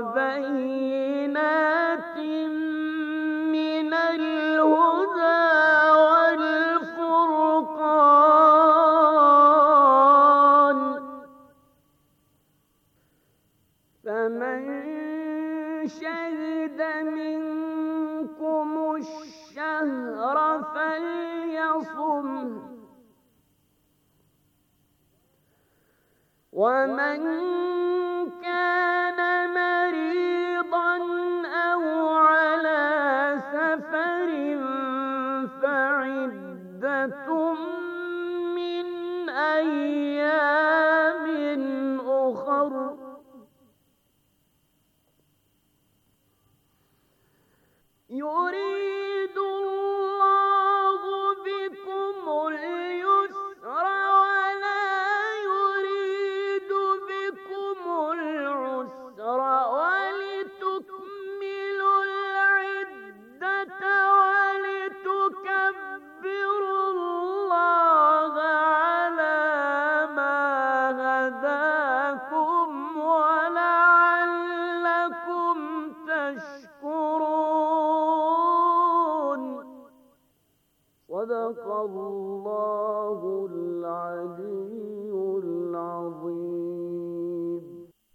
وبينات من الهدى فمن شهد منكم الشهر ومن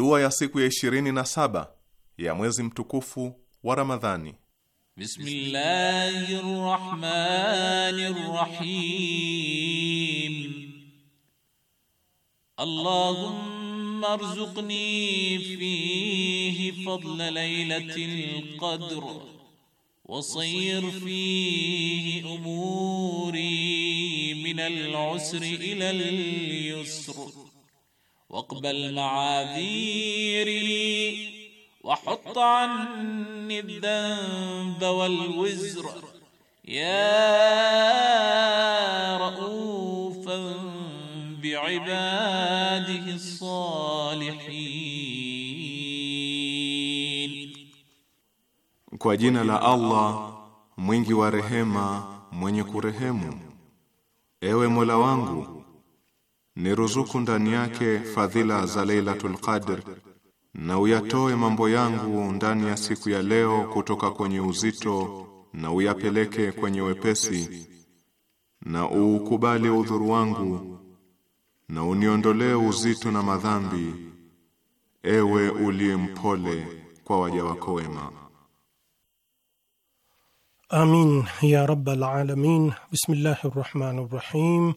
Dua ya siku ya ishirini na saba ya mwezi mtukufu wa Ramadhani. Bismillahir Rahmanir Rahim. Allahumma arzuqni fihi fadla laylatil qadr wa sayr fihi umuri min al-usri ila al-yusr. واقبل معاذيري وحط عني الذنب والوزر يا رؤوفا بعباده الصالحين Kwa jina la Allah mwingi wa rehema mwenye kurehemu, ewe Mola wangu ni ruzuku ndani yake fadhila za Lailatul Qadr na uyatoe mambo yangu ndani ya siku ya leo kutoka kwenye uzito na uyapeleke kwenye wepesi na uukubali udhuru wangu na uniondolee uzito na madhambi ewe uliye mpole kwa waja wako wema Amin ya rabbal alamin Bismillahir Rahmanir Rahim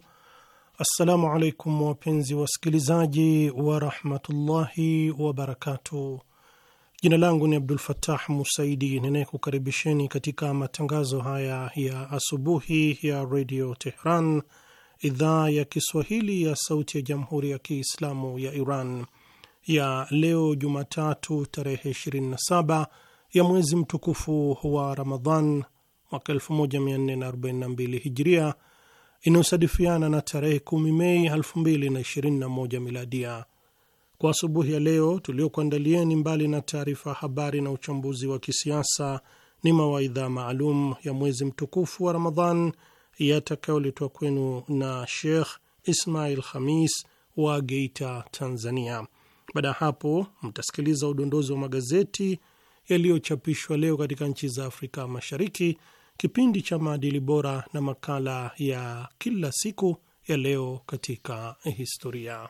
Assalamu alaikum wapenzi wasikilizaji warahmatullahi wabarakatuh. Jina langu ni Abdul fatah Musaidi ninayekukaribisheni katika matangazo haya ya asubuhi ya redio Tehran, idhaa ya Kiswahili ya sauti ya jamhuri ya Kiislamu ya Iran ya leo Jumatatu tarehe 27 ya mwezi mtukufu wa Ramadhan mwaka 1442 Hijria inayosadifiana na tarehe 10 Mei 2021 miladia. Kwa asubuhi ya leo tuliokuandalieni, mbali na taarifa habari na uchambuzi wa kisiasa, ni mawaidha maalum ya mwezi mtukufu wa Ramadhan yatakayoletwa kwenu na Sheikh Ismail Khamis wa Geita, Tanzania. Baada ya hapo, mtasikiliza udondozi wa magazeti yaliyochapishwa leo katika nchi za Afrika Mashariki kipindi cha maadili bora na makala ya kila siku ya leo katika historia.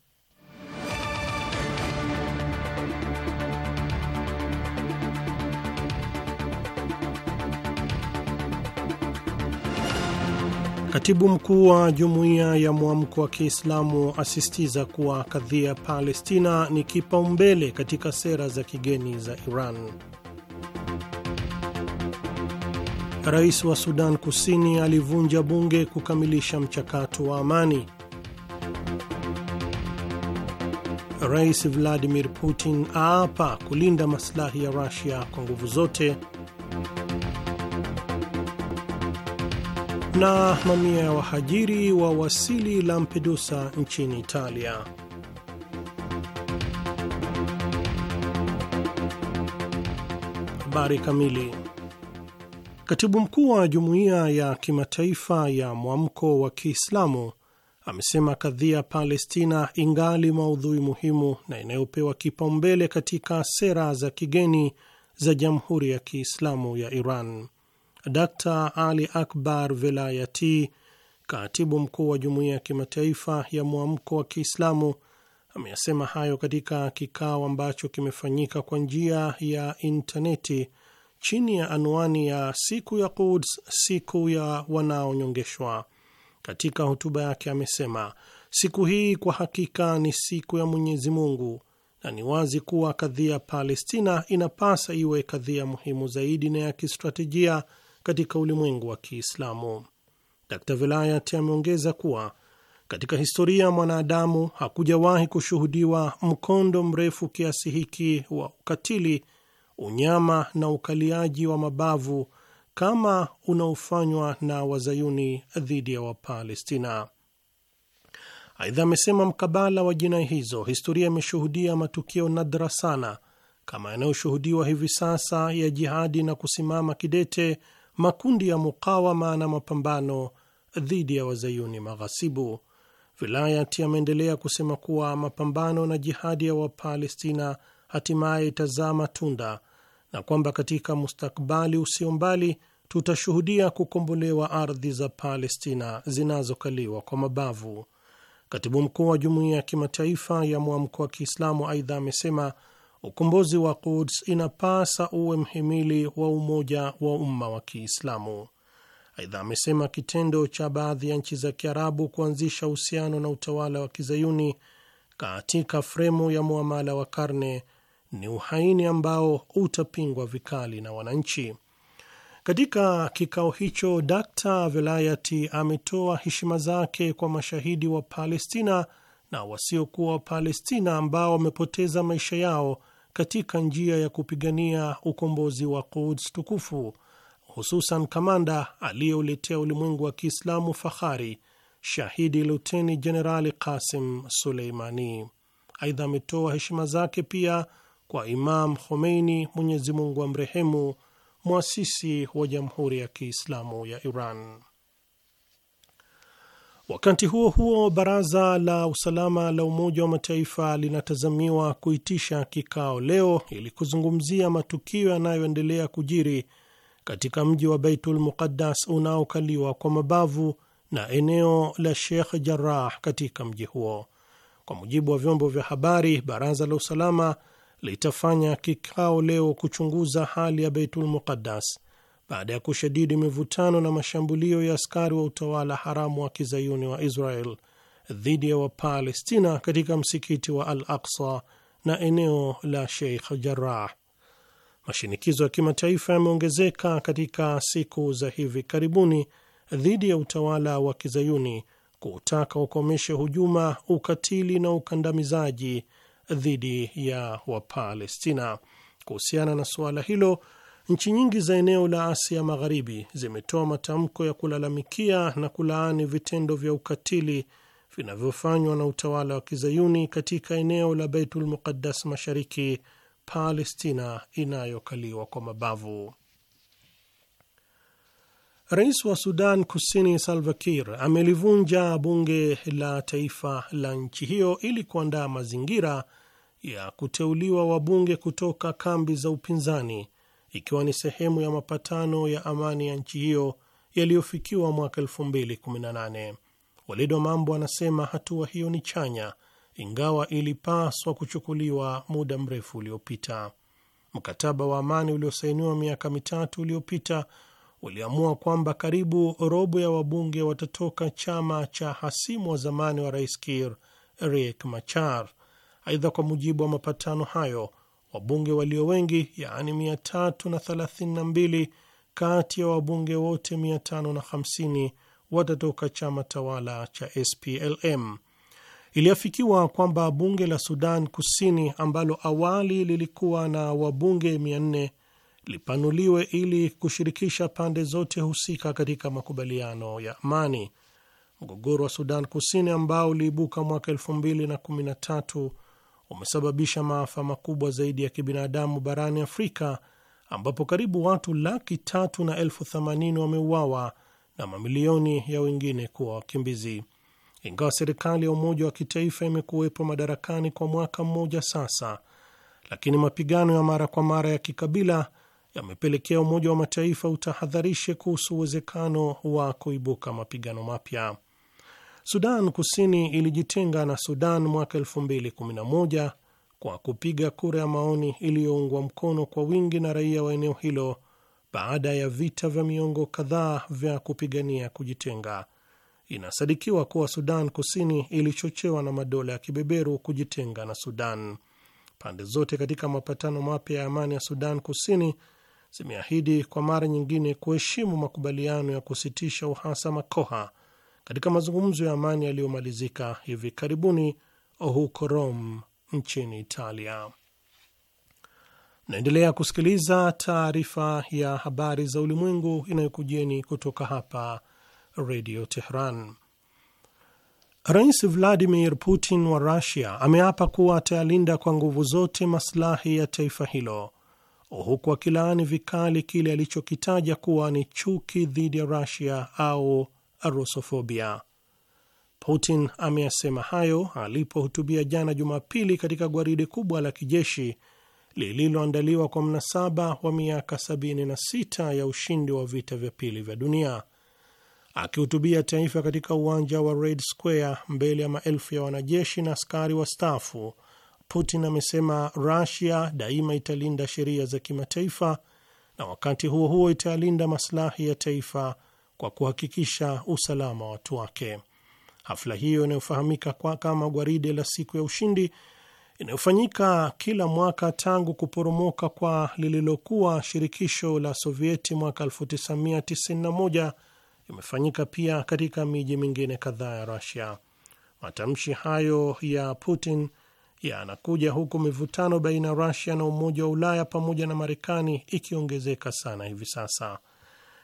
Katibu mkuu wa Jumuiya ya Mwamko wa Kiislamu asisitiza kuwa kadhia Palestina ni kipaumbele katika sera za kigeni za Iran. Rais wa Sudan Kusini alivunja bunge kukamilisha mchakato wa amani. Rais Vladimir Putin aapa kulinda maslahi ya rusia kwa nguvu zote. na mamia ya wahajiri wa wasili Lampedusa nchini Italia. Habari kamili. Katibu mkuu wa jumuiya ya kimataifa ya mwamko wa Kiislamu amesema kadhia Palestina ingali maudhui muhimu na inayopewa kipaumbele katika sera za kigeni za Jamhuri ya Kiislamu ya Iran. Dr Ali Akbar Velayati, katibu mkuu wa Jumuiya ya Kimataifa ya Mwamko wa Kiislamu, ameyasema hayo katika kikao ambacho kimefanyika kwa njia ya intaneti chini ya anwani ya siku ya Quds, siku ya wanaonyongeshwa. Katika hotuba yake amesema siku hii kwa hakika ni siku ya Mwenyezi Mungu na ni wazi kuwa kadhia Palestina inapasa iwe kadhia muhimu zaidi na ya kistratejia katika ulimwengu wa Kiislamu. Dr Vilayat ameongeza kuwa katika historia ya mwanadamu hakujawahi kushuhudiwa mkondo mrefu kiasi hiki wa ukatili, unyama na ukaliaji wa mabavu kama unaofanywa na wazayuni dhidi ya Wapalestina. Aidha amesema mkabala wa jinai hizo, historia imeshuhudia matukio nadra sana kama yanayoshuhudiwa hivi sasa ya jihadi na kusimama kidete makundi ya mukawama na mapambano dhidi ya wazayuni maghasibu. Vilayati ameendelea kusema kuwa mapambano na jihadi ya Wapalestina hatimaye itazaa matunda na kwamba katika mustakbali usio mbali tutashuhudia kukombolewa ardhi za Palestina zinazokaliwa kwa mabavu. Katibu mkuu wa jumuiya ya kimataifa ya mwamko wa Kiislamu aidha amesema ukombozi wa Quds inapasa uwe mhimili wa umoja wa umma wa Kiislamu. Aidha amesema kitendo cha baadhi ya nchi za Kiarabu kuanzisha uhusiano na utawala wa kizayuni katika fremu ya muamala wa karne ni uhaini ambao utapingwa vikali na wananchi. Katika kikao hicho, Dr Velayati ametoa heshima zake kwa mashahidi wa Palestina na wasiokuwa wa Palestina ambao wamepoteza maisha yao katika njia ya kupigania ukombozi wa Quds tukufu, hususan kamanda aliyeuletea ulimwengu wa Kiislamu fahari, shahidi luteni jenerali Qasim Suleimani. Aidha, ametoa heshima zake pia kwa Imam Khomeini, Mwenyezi Mungu amrehemu, mwasisi wa Jamhuri ya Kiislamu ya Iran. Wakati huo huo, baraza la usalama la Umoja wa Mataifa linatazamiwa kuitisha kikao leo ili kuzungumzia matukio yanayoendelea kujiri katika mji wa Baitul Muqaddas unaokaliwa kwa mabavu na eneo la Sheikh Jarrah katika mji huo. Kwa mujibu wa vyombo vya habari, baraza la usalama litafanya kikao leo kuchunguza hali ya Baitul Muqaddas baada ya kushadidi mivutano na mashambulio ya askari wa utawala haramu wa kizayuni wa Israel dhidi ya Wapalestina katika msikiti wa Al Aksa na eneo la Sheikh Jarrah. Mashinikizo ya kimataifa yameongezeka katika siku za hivi karibuni dhidi ya utawala wa kizayuni kutaka ukomeshe hujuma, ukatili na ukandamizaji dhidi ya Wapalestina. Kuhusiana na suala hilo Nchi nyingi za eneo la Asia Magharibi zimetoa matamko ya kulalamikia na kulaani vitendo vya ukatili vinavyofanywa na utawala wa kizayuni katika eneo la Baitul Muqaddas Mashariki, Palestina inayokaliwa kwa mabavu. Rais wa Sudan Kusini Salva Kiir amelivunja bunge la taifa la nchi hiyo ili kuandaa mazingira ya kuteuliwa wabunge kutoka kambi za upinzani ikiwa ni sehemu ya mapatano ya amani ya nchi hiyo yaliyofikiwa mwaka 2018. Walido Mambo anasema hatua hiyo ni chanya, ingawa ilipaswa kuchukuliwa muda mrefu uliopita. Mkataba wa amani uliosainiwa miaka mitatu uliopita uliamua kwamba karibu robo ya wabunge watatoka chama cha hasimu wa zamani wa rais kir Riek Machar. Aidha, kwa mujibu wa mapatano hayo wabunge walio wengi, yaani 332 kati ya wabunge wote 550 watatoka chama tawala cha SPLM. Iliafikiwa kwamba bunge la Sudan Kusini ambalo awali lilikuwa na wabunge 400 lipanuliwe ili kushirikisha pande zote husika katika makubaliano ya amani. Mgogoro wa Sudan Kusini ambao uliibuka mwaka tatu umesababisha maafa makubwa zaidi ya kibinadamu barani Afrika ambapo karibu watu laki tatu na elfu themanini wameuawa na mamilioni ya wengine kuwa wakimbizi. Ingawa serikali ya umoja wa kitaifa imekuwepo madarakani kwa mwaka mmoja sasa, lakini mapigano ya mara kwa mara ya kikabila yamepelekea Umoja wa Mataifa utahadharishe kuhusu uwezekano wa kuibuka mapigano mapya. Sudan Kusini ilijitenga na Sudan mwaka 2011 kwa kupiga kura ya maoni iliyoungwa mkono kwa wingi na raia wa eneo hilo baada ya vita vya miongo kadhaa vya kupigania kujitenga. Inasadikiwa kuwa Sudan Kusini ilichochewa na madola ya kibeberu kujitenga na Sudan. Pande zote katika mapatano mapya ya amani ya Sudan Kusini zimeahidi kwa mara nyingine kuheshimu makubaliano ya kusitisha uhasama Koha katika mazungumzo ya amani yaliyomalizika hivi karibuni huko Rome nchini Italia. Naendelea kusikiliza taarifa ya habari za ulimwengu inayokujieni kutoka hapa Radio Tehran. Rais Vladimir Putin wa Rusia ameapa kuwa atayalinda kwa nguvu zote maslahi ya taifa hilo huku akilaani vikali kile alichokitaja kuwa ni chuki dhidi ya Rusia au Rusofobia. Putin ameyasema hayo alipohutubia jana Jumapili katika gwaride kubwa la kijeshi lililoandaliwa kwa mnasaba wa miaka 76 ya ushindi wa vita vya pili vya dunia. Akihutubia taifa katika uwanja wa Red Square mbele ya maelfu ya wanajeshi na askari wastaafu, Putin amesema rusia daima italinda sheria za kimataifa na wakati huo huo italinda maslahi ya taifa kwa kuhakikisha usalama wa watu wake. Hafla hiyo inayofahamika kama gwaride la siku ya ushindi inayofanyika kila mwaka tangu kuporomoka kwa lililokuwa shirikisho la Sovieti mwaka 1991 imefanyika pia katika miji mingine kadhaa ya Rusia. Matamshi hayo ya Putin yanakuja huku mivutano baina ya Rusia na Umoja wa Ulaya pamoja na Marekani ikiongezeka sana hivi sasa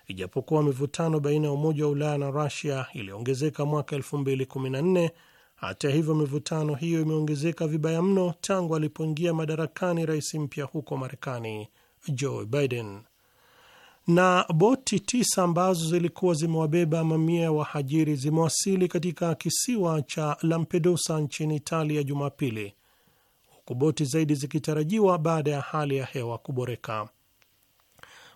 ijapokuwa mivutano baina ya Umoja wa Ulaya na Rusia iliongezeka mwaka 2014. Hata hivyo, mivutano hiyo imeongezeka vibaya mno tangu alipoingia madarakani rais mpya huko Marekani, Joe Biden. Na boti tisa ambazo zilikuwa zimewabeba mamia ya wahajiri zimewasili katika kisiwa cha Lampedusa nchini Italia Jumapili, huku boti zaidi zikitarajiwa baada ya hali ya hewa kuboreka.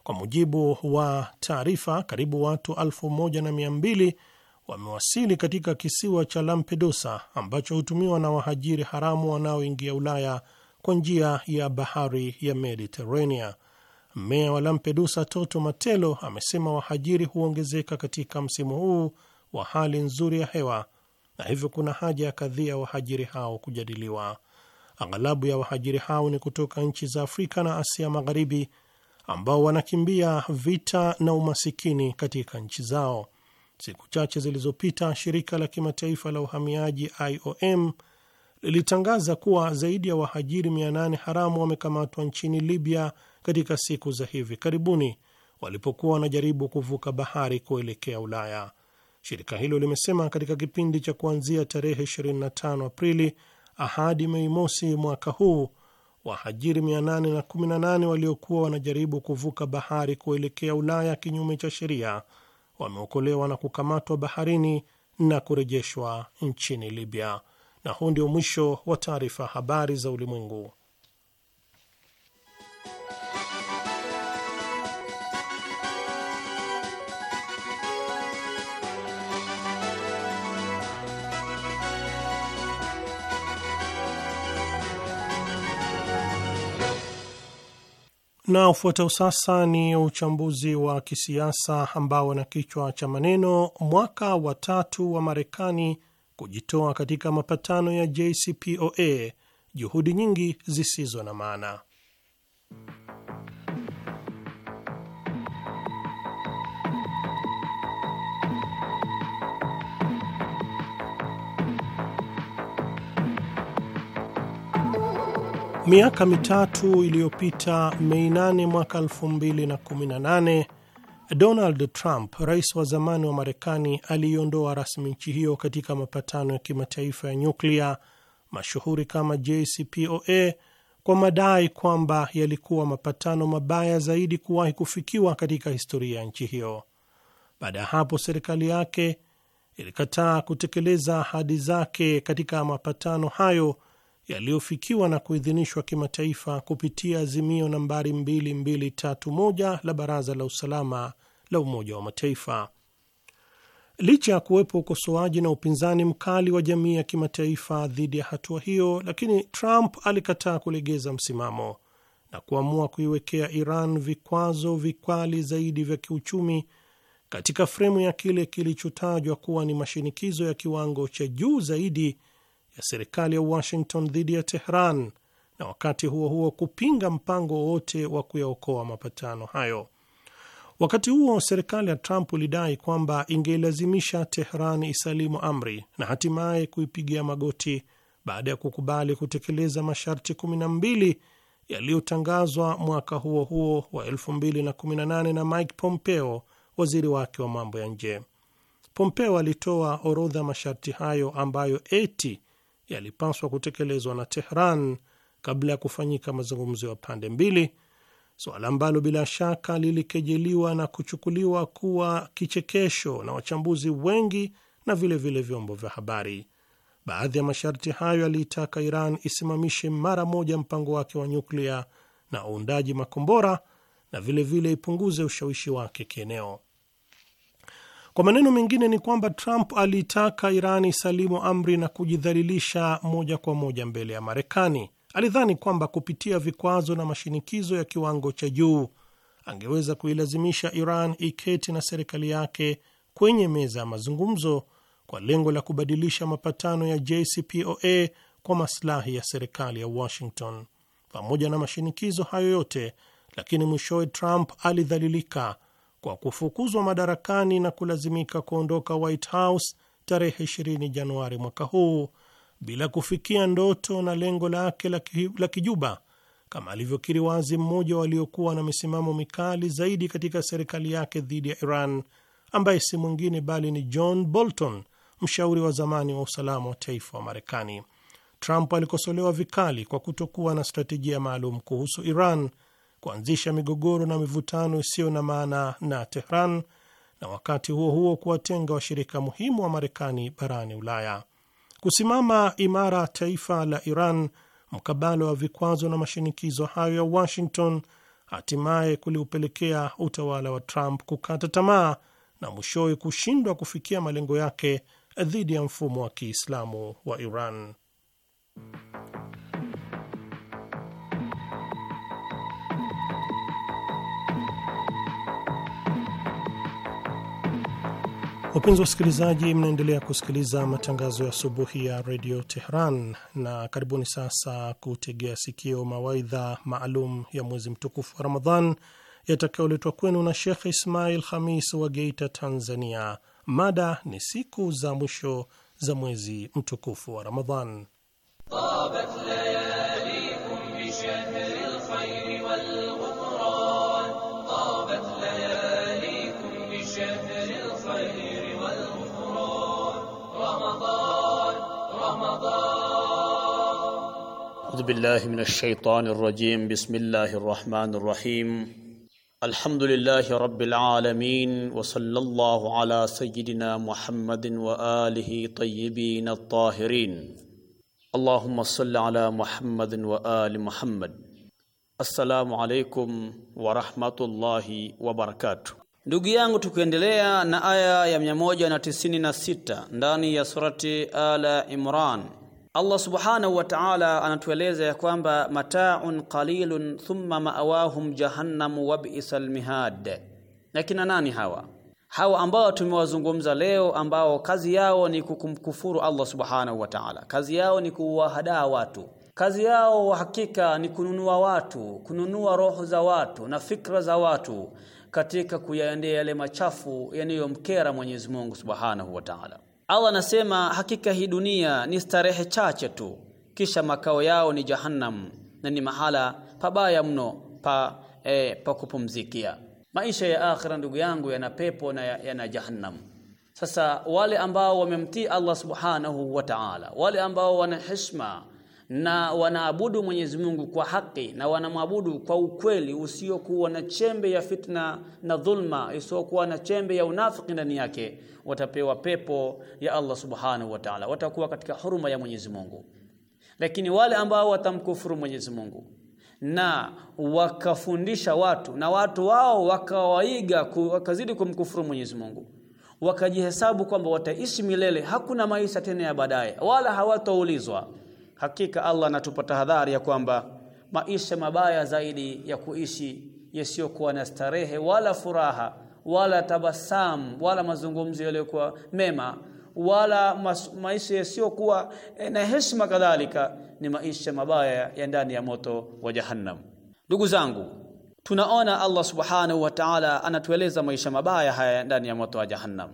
Kwa mujibu wa taarifa, karibu watu elfu moja na mia mbili wamewasili katika kisiwa cha Lampedusa ambacho hutumiwa na wahajiri haramu wanaoingia Ulaya kwa njia ya bahari ya Mediterania. Meya wa Lampedusa Toto Matelo amesema wahajiri huongezeka katika msimu huu wa hali nzuri ya hewa na hivyo kuna haja ya kadhia wahajiri hao kujadiliwa. Aghalabu ya wahajiri hao ni kutoka nchi za Afrika na Asia Magharibi ambao wanakimbia vita na umasikini katika nchi zao. Siku chache zilizopita, shirika la kimataifa la uhamiaji IOM lilitangaza kuwa zaidi ya wahajiri 800 haramu wamekamatwa nchini Libya katika siku za hivi karibuni walipokuwa wanajaribu kuvuka bahari kuelekea Ulaya. Shirika hilo limesema katika kipindi cha kuanzia tarehe 25 Aprili ahadi Mei mosi mwaka huu wahajiri 818 waliokuwa wanajaribu kuvuka bahari kuelekea Ulaya kinyume cha sheria wameokolewa na kukamatwa baharini na kurejeshwa nchini Libya. Na huu ndio mwisho wa taarifa habari za ulimwengu. Na ufuatao sasa ni uchambuzi wa kisiasa ambao na kichwa cha maneno mwaka wa tatu wa Marekani kujitoa katika mapatano ya JCPOA, juhudi nyingi zisizo na maana. Miaka mitatu iliyopita, Mei 8 mwaka 2018, Donald Trump, rais wa zamani wa Marekani, aliiondoa rasmi nchi hiyo katika mapatano ya kimataifa ya nyuklia mashuhuri kama JCPOA kwa madai kwamba yalikuwa mapatano mabaya zaidi kuwahi kufikiwa katika historia ya nchi hiyo. Baada ya hapo, serikali yake ilikataa kutekeleza ahadi zake katika mapatano hayo yaliyofikiwa na kuidhinishwa kimataifa kupitia azimio nambari 2231 la Baraza la Usalama la Umoja wa Mataifa. Licha ya kuwepo ukosoaji na upinzani mkali wa jamii ya kimataifa dhidi ya hatua hiyo, lakini Trump alikataa kulegeza msimamo na kuamua kuiwekea Iran vikwazo vikali zaidi vya kiuchumi katika fremu ya kile kilichotajwa kuwa ni mashinikizo ya kiwango cha juu zaidi ya serikali ya Washington dhidi ya Tehran na wakati huo huo kupinga mpango wowote wa kuyaokoa mapatano hayo. Wakati huo serikali ya Trump ilidai kwamba ingeilazimisha Tehran isalimu amri na hatimaye kuipigia magoti baada ya kukubali kutekeleza masharti 12 yaliyotangazwa mwaka huo huo wa 2018 na Mike Pompeo, waziri wake wa mambo ya nje. Pompeo alitoa orodha masharti hayo ambayo eti yalipaswa kutekelezwa na Tehran kabla ya kufanyika mazungumzo ya pande mbili, suala ambalo bila shaka lilikejeliwa na kuchukuliwa kuwa kichekesho na wachambuzi wengi na vilevile vyombo vya habari. Baadhi ya masharti hayo yaliitaka Iran isimamishe mara moja mpango wake wa nyuklia na uundaji makombora na vilevile vile ipunguze ushawishi wake kieneo. Kwa maneno mengine ni kwamba Trump alitaka Iran isalimu amri na kujidhalilisha moja kwa moja mbele ya Marekani. Alidhani kwamba kupitia vikwazo na mashinikizo ya kiwango cha juu angeweza kuilazimisha Iran iketi na serikali yake kwenye meza ya mazungumzo kwa lengo la kubadilisha mapatano ya JCPOA kwa maslahi ya serikali ya Washington. Pamoja na mashinikizo hayo yote, lakini mwishowe Trump alidhalilika kwa kufukuzwa madarakani na kulazimika kuondoka White House tarehe 20 Januari mwaka huu bila kufikia ndoto na lengo lake la kijuba kama alivyokiri wazi mmoja waliokuwa na misimamo mikali zaidi katika serikali yake dhidi ya Iran ambaye si mwingine bali ni John Bolton, mshauri wa zamani wa usalama wa taifa wa Marekani. Trump alikosolewa vikali kwa kutokuwa na stratejia maalum kuhusu Iran kuanzisha migogoro na mivutano isiyo na maana na Tehran na wakati huo huo kuwatenga washirika muhimu wa Marekani barani Ulaya. Kusimama imara taifa la Iran mkabala wa vikwazo na mashinikizo hayo ya Washington hatimaye kuliupelekea utawala wa Trump kukata tamaa na mwishowe kushindwa kufikia malengo yake dhidi ya mfumo wa Kiislamu wa Iran. Wapenzi wasikilizaji, mnaendelea kusikiliza matangazo ya asubuhi ya redio Tehran na karibuni sasa kutegea sikio mawaidha maalum ya mwezi mtukufu wa Ramadhan yatakayoletwa kwenu na Shekh Ismail Khamis wa Geita, Tanzania. Mada ni siku za mwisho za mwezi mtukufu wa Ramadhan. أعوذ بالله من الشيطان الرجيم بسم الله الرحمن الرحيم الحمد لله رب العالمين وصلى الله على سيدنا محمد وآله طيبين الطاهرين اللهم صل على محمد وآل محمد السلام عليكم ورحمة الله وبركاته Ndugu yangu tukiendelea na aya ya 196 ndani ya surati Ala Imran Allah subhanahu wa ta'ala anatueleza ya kwamba mataun qalilun thumma ma'awahum jahannamu wa bi'sal mihad. Na kina nani hawa? Hawa ambao tumewazungumza leo ambao kazi yao ni kukumkufuru Allah subhanahu wa ta'ala. Kazi yao ni kuwahadaa watu. Kazi yao hakika ni kununua watu, kununua roho za watu na fikra za watu katika kuyaendea yale machafu yanayomkera Mwenyezi Mungu subhanahu wa ta'ala. Allah anasema hakika hii dunia ni starehe chache tu kisha makao yao ni jahannam na ni mahala pabaya mno pa, e, pa kupumzikia maisha ya akhira ndugu yangu yana pepo na yana jahannam sasa wale ambao wamemtii Allah subhanahu wa ta'ala wale ambao wana heshima na wanaabudu Mwenyezi Mungu kwa haki na wanamwabudu kwa ukweli usiokuwa na chembe ya fitna na dhulma, isiokuwa na chembe ya unafiki ndani yake, watapewa pepo ya Allah Subhanahu wa Ta'ala, watakuwa katika huruma ya Mwenyezi Mungu. Lakini wale ambao watamkufuru Mwenyezi Mungu na wakafundisha watu na watu wao wakawaiga, wakazidi kumkufuru Mwenyezi Mungu wakajihesabu kwamba wataishi milele, hakuna maisha tena ya baadaye, wala hawataulizwa Hakika Allah anatupa tahadhari ya kwamba maisha mabaya zaidi ya kuishi yasiyokuwa na starehe wala furaha wala tabasamu wala mazungumzo yaliyokuwa mema wala mas, maisha yasiyokuwa eh, na heshima kadhalika ni maisha mabaya ya ndani ya moto wa Jahannam. Ndugu zangu, tunaona Allah subhanahu wa ta'ala anatueleza maisha mabaya haya ndani ya moto wa Jahannam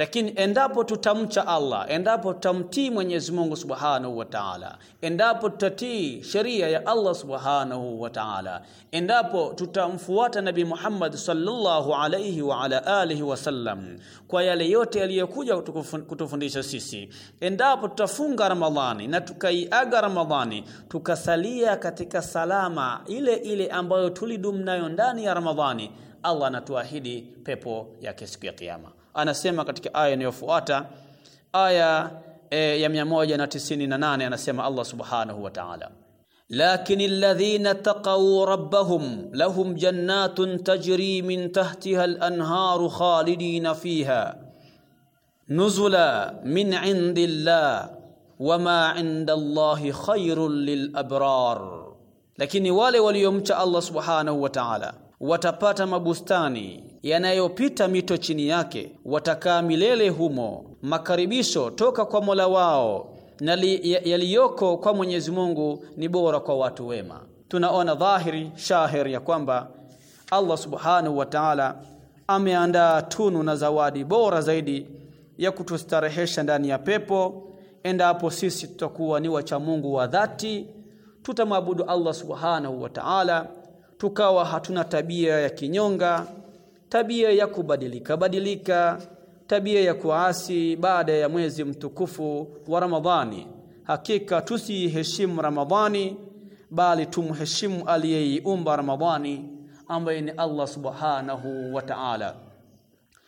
lakini endapo tutamcha Allah, endapo tutamtii Mwenyezi Mungu Subhanahu wa Ta'ala, endapo tutatii sheria ya Allah Subhanahu wa Ta'ala, endapo tutamfuata Nabii Muhammad sallallahu alayhi wa ala alihi sallam kwa yale yote aliyokuja kutufundisha sisi, endapo tutafunga Ramadhani na tukaiaga Ramadhani, tukasalia katika salama ile ile ambayo tulidum nayo ndani ya Ramadhani, Allah anatuahidi pepo yake siku ya Kiyama anasema katika aya inayofuata aya e, ya 198 anasema Allah subhanahu wa ta'ala lakini alladhina taqaw rabbahum lahum jannatun tajri min tahtiha al-anharu khalidina fiha nuzula min indillah wama inda Allahi khairun lilabrar, lakini wale waliomcha Allah subhanahu wa ta'ala watapata mabustani yanayopita mito chini yake, watakaa milele humo. Makaribisho toka kwa Mola wao na yaliyoko kwa Mwenyezi Mungu ni bora kwa watu wema. Tunaona dhahiri shahir ya kwamba Allah Subhanahu wa Ta'ala ameandaa tunu na zawadi bora zaidi ya kutustarehesha ndani ya pepo, endapo sisi tutakuwa ni wacha Mungu wa dhati, tutamwabudu Allah Subhanahu wa Ta'ala, tukawa hatuna tabia ya kinyonga tabia ya kubadilika badilika tabia ya kuasi baada ya mwezi mtukufu wa Ramadhani hakika tusiheshimu Ramadhani bali tumheshimu aliyeiumba Ramadhani ambaye ni Allah Subhanahu wa Ta'ala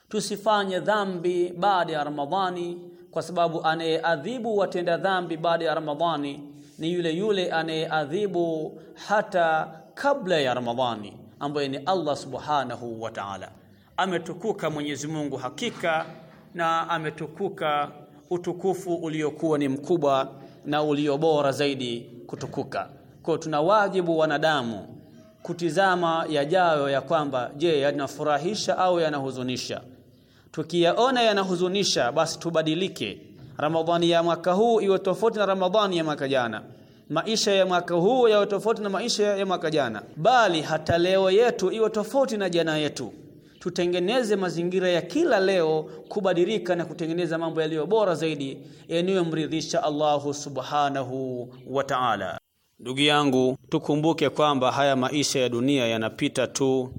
tusifanye dhambi baada ya Ramadhani kwa sababu anayeadhibu watenda dhambi baada ya Ramadhani ni yule yule anayeadhibu hata kabla ya Ramadhani ambaye ni Allah subhanahu wa ta'ala. Ametukuka Mwenyezi Mungu hakika, na ametukuka utukufu uliokuwa ni mkubwa na ulio bora zaidi kutukuka. Kwa tuna wajibu wanadamu kutizama yajayo ya kwamba je, yanafurahisha au yanahuzunisha? Tukiyaona yanahuzunisha, basi tubadilike. Ramadhani ya mwaka huu iwe tofauti na Ramadhani ya mwaka jana maisha ya mwaka huu yawe tofauti na maisha ya mwaka jana, bali hata leo yetu iwe tofauti na jana yetu. Tutengeneze mazingira ya kila leo kubadilika na kutengeneza mambo yaliyo bora zaidi yanayomridhisha Allahu subhanahu wa ta'ala. Ndugu yangu, tukumbuke kwamba haya maisha ya dunia yanapita tu,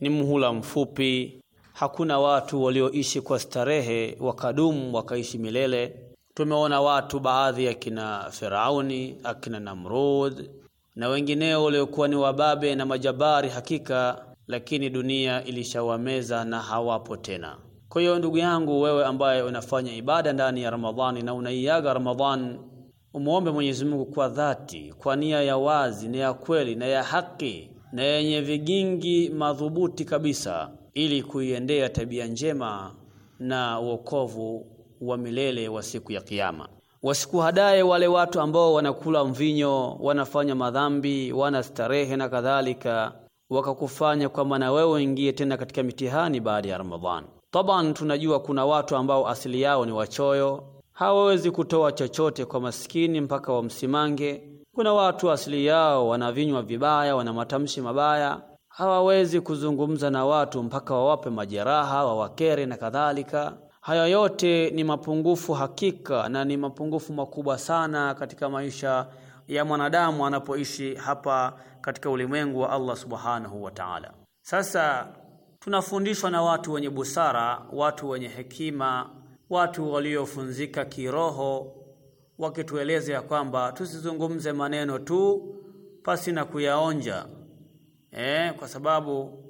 ni muhula mfupi. Hakuna watu walioishi kwa starehe wakadumu wakaishi milele. Tumeona watu baadhi kina Firauni akina Namrud na wengineo waliokuwa ni wababe na majabari hakika, lakini dunia ilishawameza na hawapo tena. Kwa hiyo ndugu yangu, wewe ambaye unafanya ibada ndani ya Ramadhani na unaiaga Ramadhani, umuombe Mwenyezi Mungu kwa dhati, kwa nia ya wazi na ya kweli na ya haki na yenye vigingi madhubuti kabisa, ili kuiendea tabia njema na wokovu wa milele wa siku ya Kiyama. Wasikuhadae wale watu ambao wanakula mvinyo, wanafanya madhambi, wana starehe na kadhalika, wakakufanya kwamba na wewe ingie tena katika mitihani baada ya Ramadhani. Taban, tunajua kuna watu ambao asili yao ni wachoyo, hawawezi kutoa chochote kwa maskini mpaka wamsimange. Kuna watu asili yao wanavinywa vibaya, wana matamshi mabaya, hawawezi kuzungumza na watu mpaka wawape majeraha, wawakere na kadhalika. Haya yote ni mapungufu hakika na ni mapungufu makubwa sana katika maisha ya mwanadamu anapoishi hapa katika ulimwengu wa Allah Subhanahu wa Ta'ala. Sasa tunafundishwa na watu wenye busara, watu wenye hekima, watu waliofunzika kiroho wakitueleza ya kwamba tusizungumze maneno tu pasi na kuyaonja. Eh, kwa sababu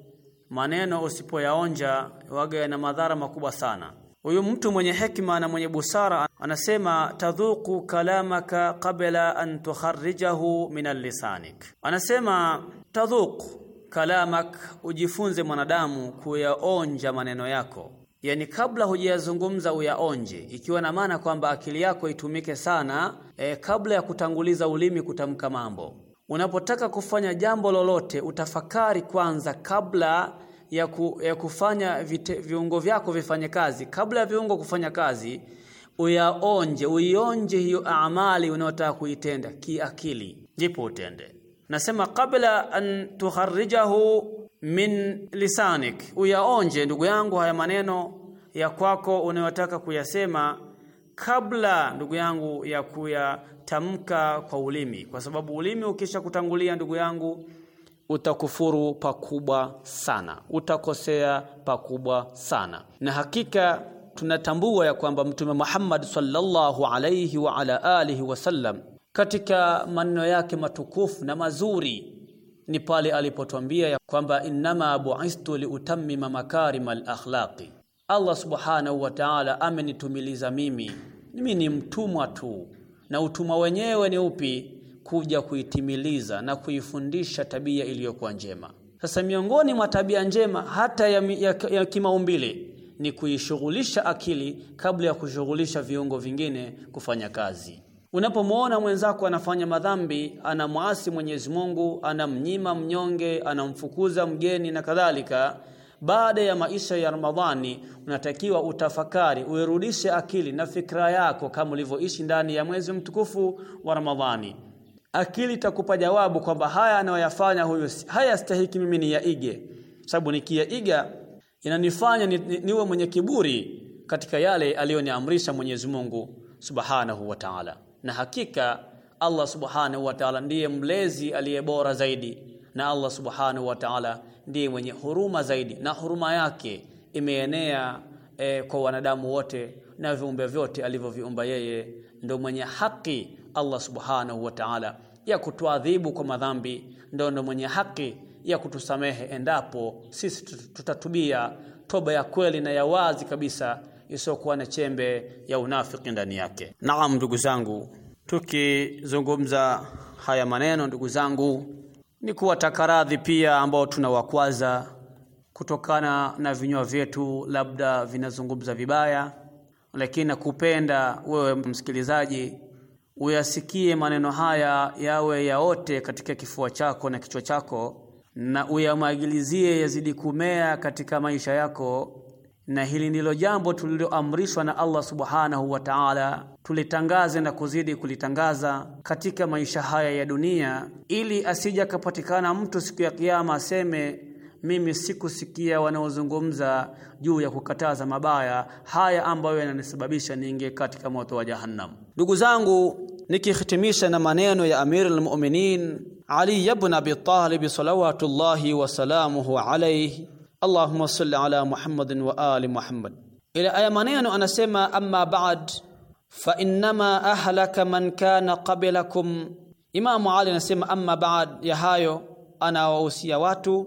maneno usipoyaonja waga yana madhara makubwa sana. Huyu mtu mwenye hekima na mwenye busara anasema tadhuku kalamaka qabla an tukharrijahu min lisanik, anasema tadhuku kalamak, ujifunze mwanadamu kuyaonja maneno yako, yani kabla hujayazungumza uyaonje, ikiwa na maana kwamba akili yako itumike sana e, kabla ya kutanguliza ulimi kutamka mambo. Unapotaka kufanya jambo lolote, utafakari kwanza kabla ya, ku, ya kufanya vite, viungo vyako vifanye kazi. Kabla ya viungo kufanya kazi, uyaonje, uionje hiyo amali unayotaka kuitenda kiakili, ndipo utende. Nasema kabla an tukharrijahu min lisanik, uyaonje ndugu yangu haya maneno ya kwako unayotaka kuyasema kabla ndugu yangu ya kuyatamka kwa ulimi, kwa sababu ulimi ukisha kutangulia ndugu yangu utakufuru pakubwa sana, utakosea pakubwa sana. Na hakika tunatambua ya kwamba Mtume Muhammad sallallahu alayhi wa ala alihi wasallam katika maneno yake matukufu na mazuri ni pale alipotwambia ya kwamba innama buistu liutammima makarima lakhlaqi, Allah subhanahu wa ta'ala amenitumiliza mimi, mimi ni mtumwa tu, na utumwa wenyewe ni upi? kuja kuitimiliza na kuifundisha tabia iliyokuwa njema. Sasa miongoni mwa tabia njema hata ya, ya, ya kimaumbile ni kuishughulisha akili kabla ya kushughulisha viungo vingine kufanya kazi. Unapomwona mwenzako anafanya madhambi, anamwasi Mwenyezi Mungu, anamnyima mnyonge, anamfukuza mgeni na kadhalika, baada ya maisha ya Ramadhani unatakiwa utafakari, uirudishe akili na fikra yako kama ulivyoishi ndani ya mwezi mtukufu wa Ramadhani akili itakupa jawabu kwamba haya anayoyafanya huyu haya stahiki mimi niyaige sababu nikiyaiga inanifanya ni, ni, niwe mwenye kiburi katika yale aliyoniamrisha Mwenyezi Mungu Subhanahu wa Ta'ala na hakika Allah Subhanahu wa Ta'ala ndiye mlezi aliye bora zaidi na Allah Subhanahu wa Ta'ala ndiye mwenye huruma zaidi na huruma yake imeenea e, kwa wanadamu wote na viumbe vyote alivyoviumba yeye ndio mwenye haki Allah Subhanahu wa Ta'ala ya kutuadhibu kwa madhambi, ndio ndio mwenye haki ya kutusamehe endapo sisi tutatubia toba ya kweli na ya wazi kabisa isiyokuwa na chembe ya unafiki ndani yake. Naam, ndugu zangu, tukizungumza haya maneno, ndugu zangu, ni kuwataka radhi pia ambao tunawakwaza kutokana na vinywa vyetu labda vinazungumza vibaya, lakini nakupenda wewe msikilizaji uyasikie maneno haya yawe yaote katika kifua chako na kichwa chako, na uyamwagilizie yazidi kumea katika maisha yako. Na hili ndilo jambo tuliloamrishwa na Allah subhanahu wa ta'ala, tulitangaze na kuzidi kulitangaza katika maisha haya ya dunia, ili asija kapatikana mtu siku ya Kiyama aseme mimi sikusikia wanaozungumza juu ya kukataza mabaya haya ambayo yananisababisha niingie katika moto wa Jahannam. Ndugu zangu, nikihitimisha na maneno ya Amir al-Mu'minin Ali ibn Abi Talib salawatullahi wa salamuhu alayhi Allahumma salli ala Muhammadin wa ali Muhammad ila aya maneno anasema amma ba'd fa innama ahlaka man kana qablakum Imam Ali anasema amma ba'd ya hayo anawahusia watu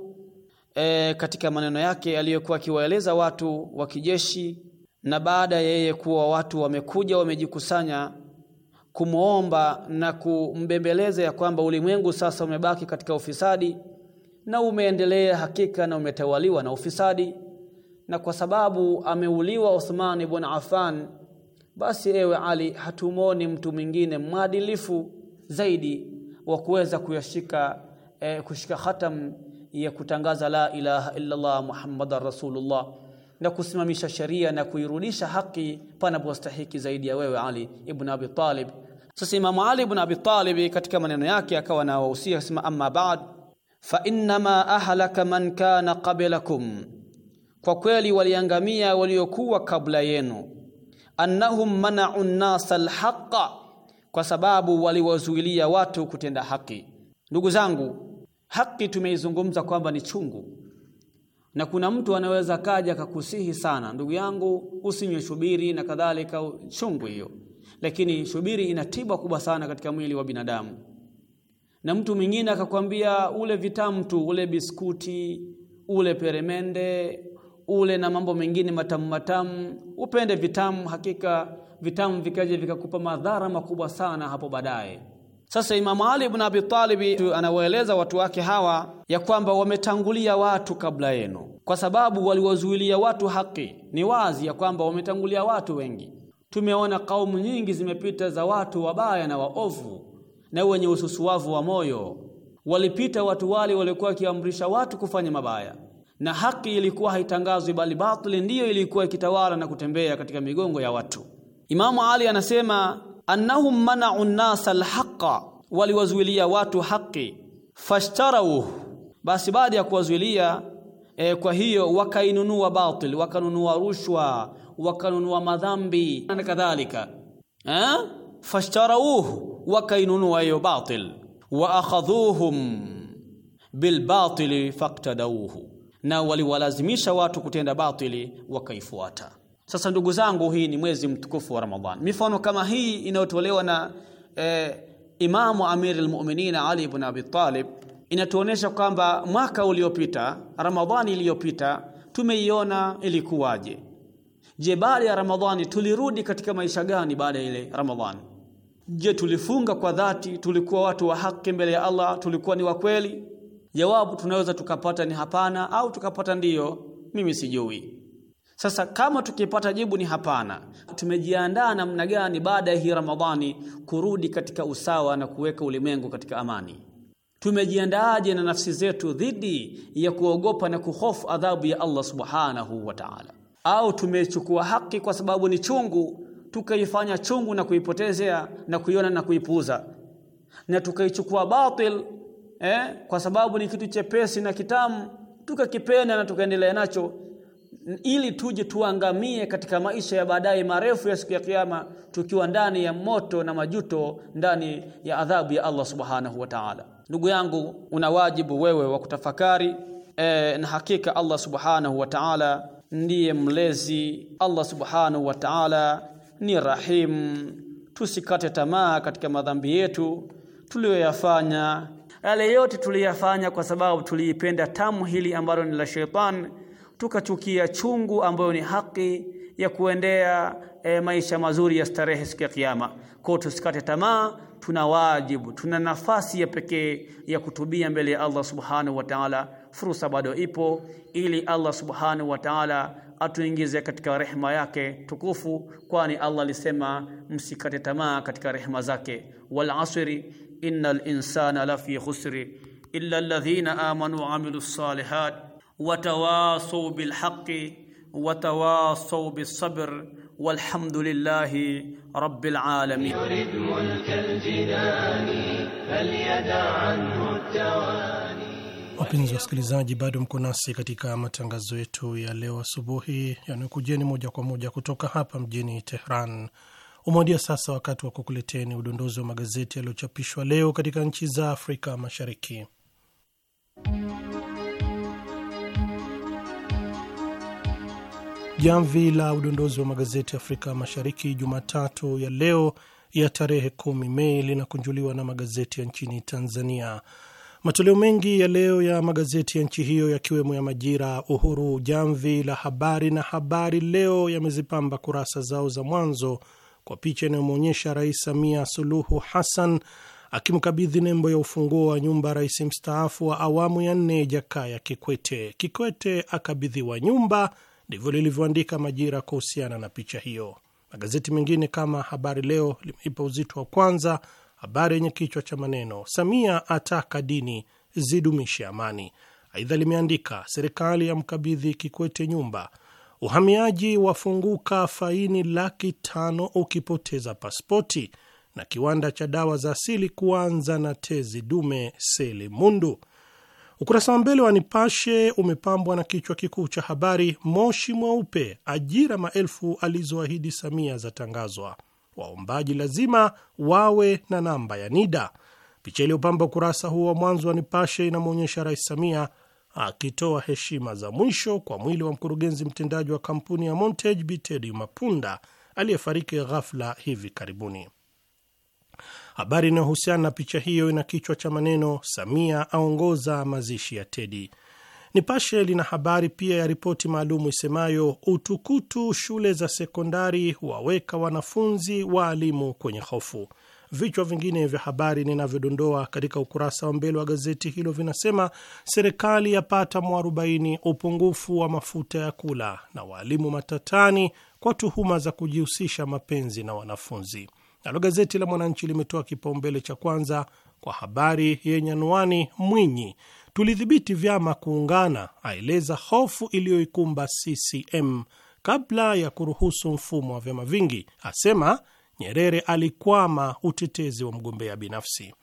e, katika maneno yake aliyokuwa akiwaeleza watu wa kijeshi na baada ya yeye kuwa watu wamekuja wamejikusanya kumwomba na kumbembeleza ya kwamba ulimwengu sasa umebaki katika ufisadi na umeendelea hakika na umetawaliwa na ufisadi na kwa sababu ameuliwa Uthman ibn Affan basi ewe Ali hatumoni mtu mwingine mwadilifu zaidi wa kuweza kuyashika eh, kushika khatam ya kutangaza la ilaha illa Allah Muhammadar Rasulullah na kusimamisha sheria na kuirudisha haki panapostahiki zaidi ya wewe Ali ibn Abi Talib sasa Imamu Ali ibn Abi Talib katika maneno yake akawa anawahusia akasema, amma ba'd fa innama ahlaka man kana qablakum, kwa kweli waliangamia waliokuwa kabla yenu. Annahum mana'u an-nas al-haqqa, kwa sababu waliwazuilia watu kutenda haki. Ndugu zangu, haki tumeizungumza kwamba ni chungu na kuna mtu anaweza kaja akakusihi sana, ndugu yangu, usinywe shubiri na kadhalika, chungu hiyo lakini shubiri ina tiba kubwa sana katika mwili wa binadamu. Na mtu mwingine akakwambia ule vitamu tu, ule biskuti, ule peremende, ule na mambo mengine matamu matamu, upende vitamu. Hakika vitamu vikaje vikakupa madhara makubwa sana hapo baadaye. Sasa Imamu Ali ibn Abi Talib anawaeleza watu wake hawa ya kwamba wametangulia watu kabla yenu, kwa sababu waliwazuilia watu haki. Ni wazi ya kwamba wametangulia watu wengi Tumeona kaumu nyingi zimepita za watu wabaya na waovu na wenye ususuavu wa moyo. Walipita watu wale waliokuwa wakiamrisha watu kufanya mabaya, na haki ilikuwa haitangazwi, bali batili ndiyo ilikuwa ikitawala na kutembea katika migongo ya watu. Imamu Ali anasema annahum mana'u an-nasa al-haqqa, waliwazuilia watu haki. Fashtarau, basi baada ya kuwazuilia e, kwa hiyo wakainunua batil, wakanunua rushwa wakanunua madhambi na kadhalika eh? fashtarauhu wakainunua hiyo batil wa akhadhuhum bilbatili faktadauhu na waliwalazimisha watu kutenda batili wakaifuata sasa ndugu zangu hii ni mwezi mtukufu wa ramadhan mifano kama hii inayotolewa na eh, imamu amiri lmuminin ali ibn abi talib inatuonesha kwamba mwaka uliopita ramadhani iliyopita tumeiona ilikuwaje Je, baada ya Ramadhani tulirudi katika maisha gani baada ya ile Ramadhani? Je, tulifunga kwa dhati? Tulikuwa watu wa haki mbele ya Allah? Tulikuwa ni wa kweli? Jawabu tunaweza tukapata ni hapana au tukapata ndiyo, mimi sijui. Sasa kama tukipata jibu ni hapana, tumejiandaa namna gani baada ya hii Ramadhani kurudi katika usawa na kuweka ulimwengu katika amani? Tumejiandaaje na nafsi zetu dhidi ya kuogopa na kuhofu adhabu ya Allah subhanahu wa ta'ala? au tumechukua haki kwa sababu ni chungu tukaifanya chungu na kuipotezea na kuiona na kuipuuza na tukaichukua batil eh, kwa sababu ni kitu chepesi na kitamu tukakipenda na tukaendelea nacho ili tuje tuangamie katika maisha ya baadaye marefu ya siku ya kiyama tukiwa ndani ya moto na majuto ndani ya adhabu ya Allah subhanahu wa ta'ala ndugu yangu una wajibu wewe wa kutafakari eh, na hakika Allah subhanahu wa ta'ala ndiye mlezi Allah subhanahu wa ta'ala ni rahimu. Tusikate tamaa katika madhambi yetu tuliyoyafanya, yale yote tuliyafanya kwa sababu tuliipenda tamu hili ambalo ni la shetani, tukachukia chungu ambayo ni haki ya kuendea e, maisha mazuri ya starehe siku ya Kiyama. Kwa tusikate tamaa, tuna wajibu, tuna nafasi ya pekee ya kutubia mbele ya Allah subhanahu wa ta'ala. fursa bado ipo ili Allah subhanahu wa ta'ala atuingize katika rehma yake tukufu, kwani Allah alisema msikate tamaa katika rehma zake. Wal asri innal insana lafi khusri illa alladhina amanu wa amilus salihat watawasaw bil haqqi watawasaw bis sabr والحمد لله رب العالمين يريد ملك Wapenzi wasikilizaji, bado mko nasi katika matangazo yetu ya leo asubuhi yanayokujeni moja kwa moja kutoka hapa mjini Tehran. Umewadia sasa wakati wa kukuleteni udondozi wa magazeti yaliyochapishwa leo katika nchi za Afrika Mashariki. Jamvi la udondozi wa magazeti ya Afrika Mashariki Jumatatu ya leo ya tarehe kumi Mei linakunjuliwa na magazeti ya nchini Tanzania Matoleo mengi ya leo ya magazeti ya nchi hiyo yakiwemo ya Majira, Uhuru, Jamvi la Habari na Habari Leo yamezipamba kurasa zao za mwanzo kwa picha inayomwonyesha Rais Samia Suluhu Hassan akimkabidhi nembo ya ufunguo wa nyumba rais mstaafu wa awamu ya nne Jakaya Kikwete. Kikwete akabidhiwa nyumba, ndivyo lilivyoandika Majira kuhusiana na picha hiyo. Magazeti mengine kama Habari Leo limeipa uzito wa kwanza habari yenye kichwa cha maneno Samia ataka dini zidumishe amani. Aidha limeandika serikali ya mkabidhi Kikwete nyumba, uhamiaji wafunguka, faini laki tano ukipoteza paspoti, na kiwanda cha dawa za asili kuanza na tezi dume mundu Ukurasa wa mbele wa Nipashe umepambwa na kichwa kikuu cha habari, moshi mweupe, ajira maelfu alizoahidi Samia zatangazwa waombaji lazima wawe na namba ya NIDA. Picha iliyopamba ukurasa huo wa mwanzo wa Nipashe inamwonyesha Rais Samia akitoa heshima za mwisho kwa mwili wa mkurugenzi mtendaji wa kampuni ya Montage Bi Mapunda aliyefariki ghafla hivi karibuni. Habari inayohusiana na picha hiyo ina kichwa cha maneno Samia aongoza mazishi ya tedi Nipashe lina habari pia ya ripoti maalumu isemayo utukutu shule za sekondari waweka wanafunzi waalimu kwenye hofu. Vichwa vingine vya habari ninavyodondoa katika ukurasa wa mbele wa gazeti hilo vinasema serikali yapata mwarobaini upungufu wa mafuta ya kula, na waalimu matatani kwa tuhuma za kujihusisha mapenzi na wanafunzi. Nalo gazeti la Mwananchi limetoa kipaumbele cha kwanza kwa habari yenye anwani Mwinyi tulidhibiti vyama kuungana, aeleza hofu iliyoikumba CCM kabla ya kuruhusu mfumo wa vyama vingi. Asema Nyerere alikwama utetezi wa mgombea binafsi.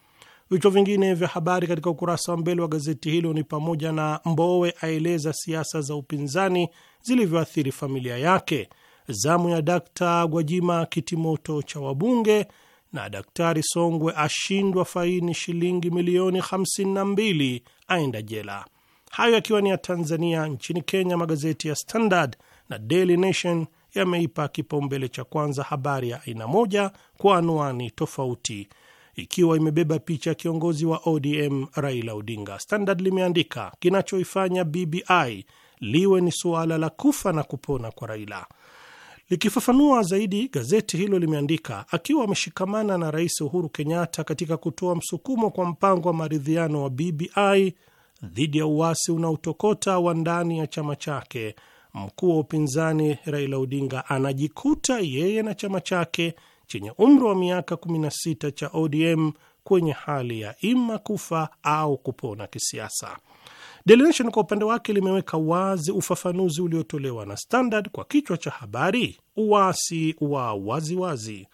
Vichwa vingine vya habari katika ukurasa wa mbele wa gazeti hilo ni pamoja na Mbowe aeleza siasa za upinzani zilivyoathiri familia yake, zamu ya Dkt Gwajima kitimoto cha wabunge na Daktari Songwe ashindwa faini shilingi milioni 52 aenda jela. Hayo yakiwa ni ya Tanzania. Nchini Kenya, magazeti ya Standard na Daily Nation yameipa kipaumbele cha kwanza habari ya aina moja kwa anwani tofauti, ikiwa imebeba picha ya kiongozi wa ODM Raila Odinga. Standard limeandika kinachoifanya BBI liwe ni suala la kufa na kupona kwa Raila. Likifafanua zaidi, gazeti hilo limeandika, akiwa ameshikamana na Rais Uhuru Kenyatta katika kutoa msukumo kwa mpango wa maridhiano wa BBI dhidi ya uasi unaotokota wa ndani ya chama chake, mkuu wa upinzani Raila Odinga anajikuta yeye na chama chake chenye umri wa miaka 16 cha ODM kwenye hali ya ima kufa au kupona kisiasa. Daily Nation kwa upande wake limeweka wazi ufafanuzi uliotolewa na Standard kwa kichwa cha habari uasi wa waziwazi wazi.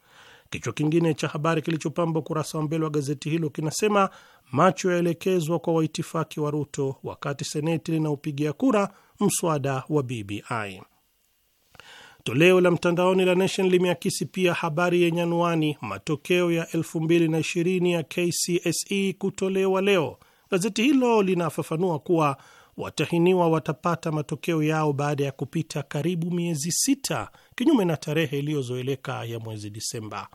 Kichwa kingine cha habari kilichopamba ukurasa wa mbele wa gazeti hilo kinasema macho yaelekezwa kwa waitifaki wa Ruto wakati seneti linaopigia kura mswada wa BBI. Toleo la mtandaoni la Nation limeakisi pia habari yenye anwani matokeo ya 2020 ya KCSE kutolewa leo Gazeti hilo linafafanua kuwa watahiniwa watapata matokeo yao baada ya kupita karibu miezi sita, kinyume na tarehe iliyozoeleka ya mwezi Disemba.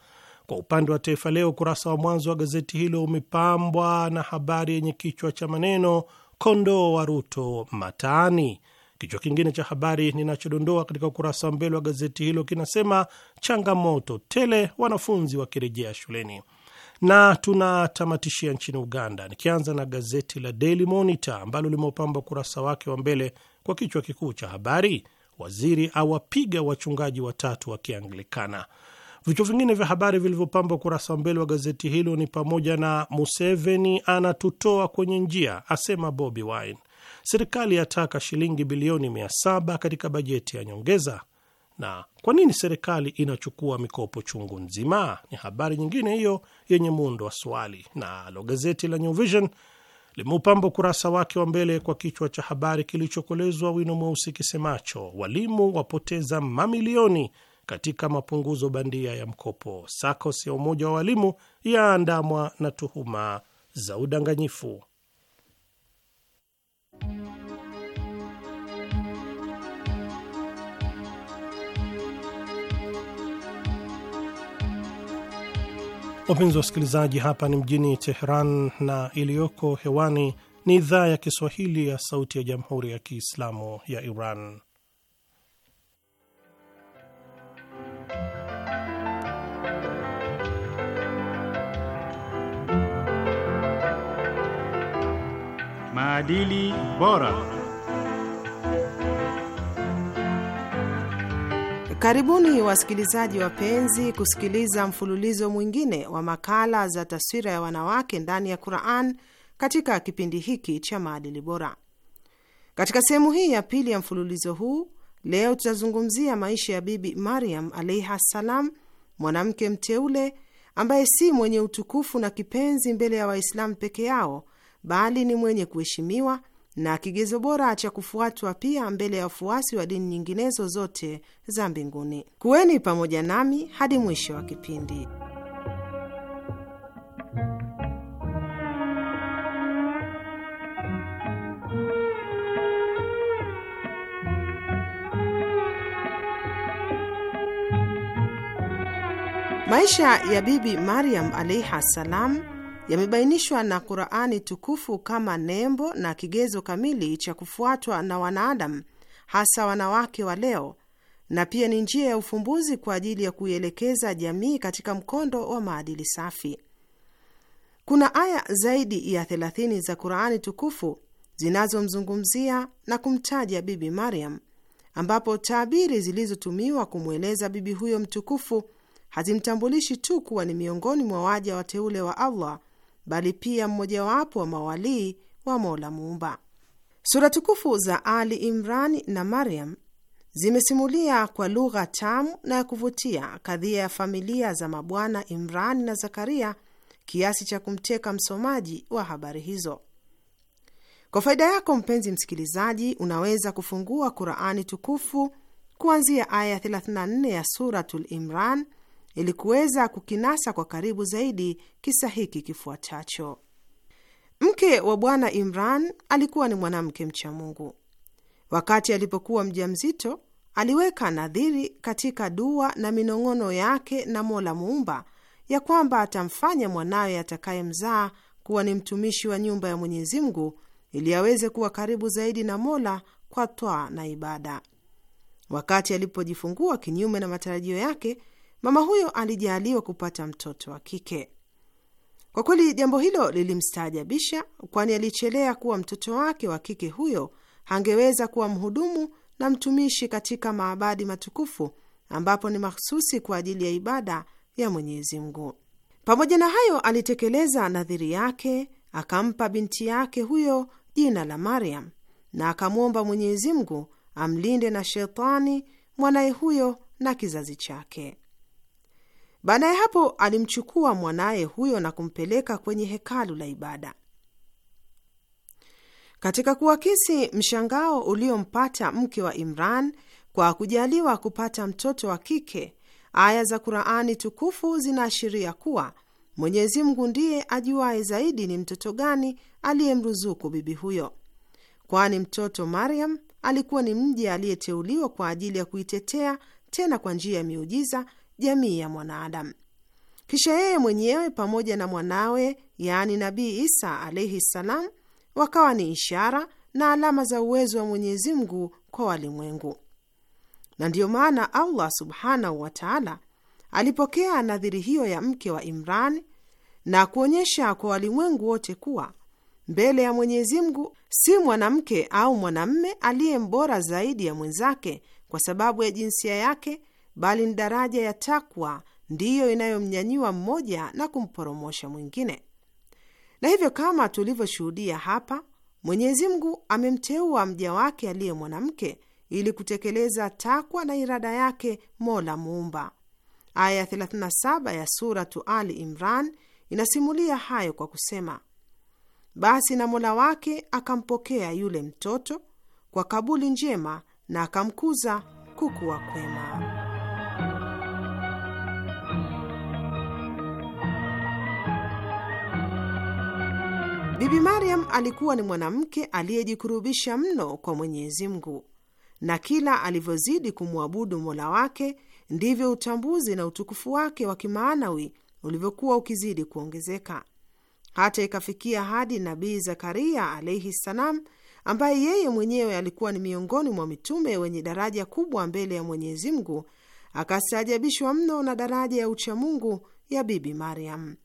Kwa upande wa Taifa Leo, ukurasa wa mwanzo wa gazeti hilo umepambwa na habari yenye kichwa cha maneno kondoo wa Ruto mataani. Kichwa kingine cha habari ninachodondoa katika ukurasa wa mbele wa gazeti hilo kinasema changamoto tele wanafunzi wakirejea shuleni na tunatamatishia nchini Uganda, nikianza na gazeti la Daily Monitor ambalo limeupamba ukurasa wake wa mbele kwa kichwa kikuu cha habari, waziri awapiga wachungaji watatu wakianglikana Vichwa vingine vya habari vilivyopamba ukurasa wa mbele wa gazeti hilo ni pamoja na Museveni anatutoa kwenye njia, asema Bobi Wine, serikali yataka shilingi bilioni 700 katika bajeti ya nyongeza na kwa nini serikali inachukua mikopo chungu nzima? Ni habari nyingine hiyo yenye muundo wa swali. Nalo gazeti la New Vision limeupa ukurasa wake wa mbele kwa kichwa cha habari kilichokolezwa wino mweusi kisemacho, walimu wapoteza mamilioni katika mapunguzo bandia ya mkopo, SACCOS ya umoja wa walimu yaandamwa na tuhuma za udanganyifu. Wapenzi wasikilizaji, hapa ni mjini Teheran na iliyoko hewani ni idhaa ya Kiswahili ya Sauti ya Jamhuri ya Kiislamu ya Iran. Maadili Bora. Karibuni wasikilizaji wapenzi kusikiliza mfululizo mwingine wa makala za taswira ya wanawake ndani ya Quran katika kipindi hiki cha maadili bora. Katika sehemu hii ya pili ya mfululizo huu, leo tutazungumzia maisha ya Bibi mariam alaihi ssalam, mwanamke mteule ambaye si mwenye utukufu na kipenzi mbele ya Waislamu peke yao, bali ni mwenye kuheshimiwa na kigezo bora cha kufuatwa pia mbele ya wafuasi wa dini nyinginezo zote za mbinguni. Kuweni pamoja nami hadi mwisho wa kipindi. Maisha ya Bibi Mariam alaihi ssalam yamebainishwa na Qurani tukufu kama nembo na kigezo kamili cha kufuatwa na wanaadamu, hasa wanawake wa leo, na pia ni njia ya ufumbuzi kwa ajili ya kuielekeza jamii katika mkondo wa maadili safi. Kuna aya zaidi ya thelathini za Qurani tukufu zinazomzungumzia na kumtaja Bibi Mariam, ambapo taabiri zilizotumiwa kumweleza bibi huyo mtukufu hazimtambulishi tu kuwa ni miongoni mwa waja wateule wa Allah bali pia mmojawapo wa mawalii wa Mola Muumba. Sura tukufu za Ali Imrani na Maryam zimesimulia kwa lugha tamu na ya kuvutia kadhia ya familia za mabwana Imrani na Zakaria kiasi cha kumteka msomaji wa habari hizo. Kwa faida yako mpenzi msikilizaji, unaweza kufungua Qurani tukufu kuanzia aya 34 ya Suratul Imran ili kuweza kukinasa kwa karibu zaidi kisa hiki kifuatacho. Mke wa Bwana Imran alikuwa ni mwanamke mcha Mungu. Wakati alipokuwa mjamzito, aliweka nadhiri katika dua na minong'ono yake na Mola Muumba ya kwamba atamfanya mwanawe atakayemzaa kuwa ni mtumishi wa nyumba ya Mwenyezi Mungu ili aweze kuwa karibu zaidi na Mola kwa twaa na ibada. Wakati alipojifungua kinyume na matarajio yake, mama huyo alijaaliwa kupata mtoto wa kike. Kwa kweli jambo hilo lilimstaajabisha, kwani alichelea kuwa mtoto wake wa kike huyo angeweza kuwa mhudumu na mtumishi katika maabadi matukufu ambapo ni mahsusi kwa ajili ya ibada ya Mwenyezi Mungu. Pamoja na hayo, alitekeleza nadhiri yake, akampa binti yake huyo jina la Mariam na akamwomba Mwenyezi Mungu amlinde na shetani mwanaye huyo na kizazi chake. Baada ya hapo alimchukua mwanaye huyo na kumpeleka kwenye hekalu la ibada. Katika kuakisi mshangao uliompata mke wa Imran kwa kujaliwa kupata mtoto wa kike, aya za Qur'ani tukufu zinaashiria kuwa Mwenyezi Mungu ndiye ajuaye zaidi ni mtoto gani aliyemruzuku bibi huyo, kwani mtoto Maryam alikuwa ni mja aliyeteuliwa kwa ajili ya kuitetea, tena kwa njia ya miujiza, jamii ya mwanadamu. Kisha yeye mwenyewe pamoja na mwanawe, yaani Nabii Isa alaihi ssalam, wakawa ni ishara na alama za uwezo wa Mwenyezi Mungu kwa walimwengu, na ndiyo maana Allah subhanahu wa taala alipokea nadhiri hiyo ya mke wa Imran na kuonyesha kwa walimwengu wote kuwa mbele ya Mwenyezi Mungu si mwanamke au mwanamme aliye mbora zaidi ya mwenzake kwa sababu ya jinsia yake bali ni daraja ya takwa ndiyo inayomnyanyua mmoja na kumporomosha mwingine. Na hivyo kama tulivyoshuhudia hapa, Mwenyezi Mungu amemteua mja wake aliye mwanamke ili kutekeleza takwa na irada yake Mola Muumba. Aya 37 ya Suratu Ali Imran inasimulia hayo kwa kusema, basi na Mola wake akampokea yule mtoto kwa kabuli njema na akamkuza kukuwa kwema. Bibi Mariam alikuwa ni mwanamke aliyejikurubisha mno kwa Mwenyezi Mungu, na kila alivyozidi kumwabudu mola wake ndivyo utambuzi na utukufu wake wa kimaanawi ulivyokuwa ukizidi kuongezeka, hata ikafikia hadi Nabii Zakaria alaihi ssalam, ambaye yeye mwenyewe alikuwa ni miongoni mwa mitume wenye daraja kubwa mbele ya Mwenyezi Mungu, akastaajabishwa mno na daraja ya uchamungu ya Bibi Mariam,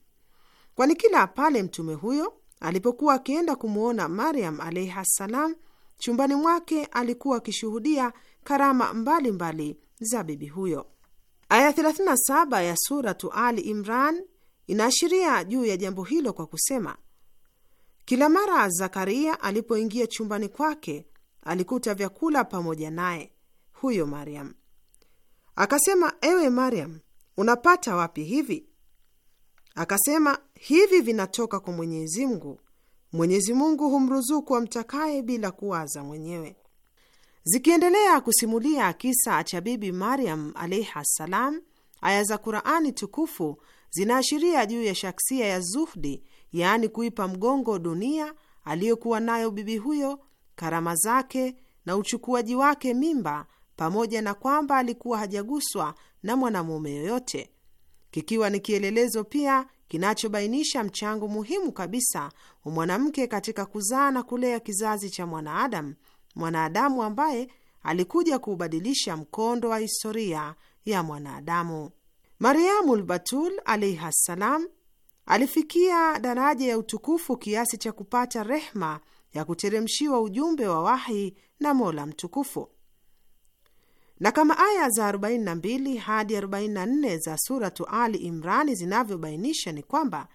kwani kila pale mtume huyo Alipokuwa akienda kumwona mariam alaihi ssalam chumbani mwake, alikuwa akishuhudia karama mbalimbali mbali za bibi huyo. Aya 37 ya Suratu Ali Imran inaashiria juu ya jambo hilo kwa kusema, kila mara Zakaria alipoingia chumbani kwake alikuta vyakula pamoja naye huyo mariam Akasema, ewe mariam unapata wapi hivi? Akasema hivi vinatoka kwa Mwenyezi Mungu. Mwenyezi Mungu humruzuku amtakaye bila kuwaza mwenyewe. Zikiendelea kusimulia kisa cha Bibi Mariam alaihi ssalam, aya za Qurani tukufu zinaashiria juu ya shaksia ya zuhdi, yaani kuipa mgongo dunia aliyokuwa nayo bibi huyo, karama zake na uchukuaji wake mimba, pamoja na kwamba alikuwa hajaguswa na mwanamume yoyote kikiwa ni kielelezo pia kinachobainisha mchango muhimu kabisa wa mwanamke katika kuzaa na kulea kizazi cha mwanaadamu, mwanadamu ambaye alikuja kuubadilisha mkondo wa historia ya mwanadamu. Mariamu lbatul alaihi ssalam alifikia daraja ya utukufu kiasi cha kupata rehma ya kuteremshiwa ujumbe wa wahi na Mola Mtukufu na kama aya za 42 hadi 44 za Suratu Ali Imrani zinavyobainisha ni kwamba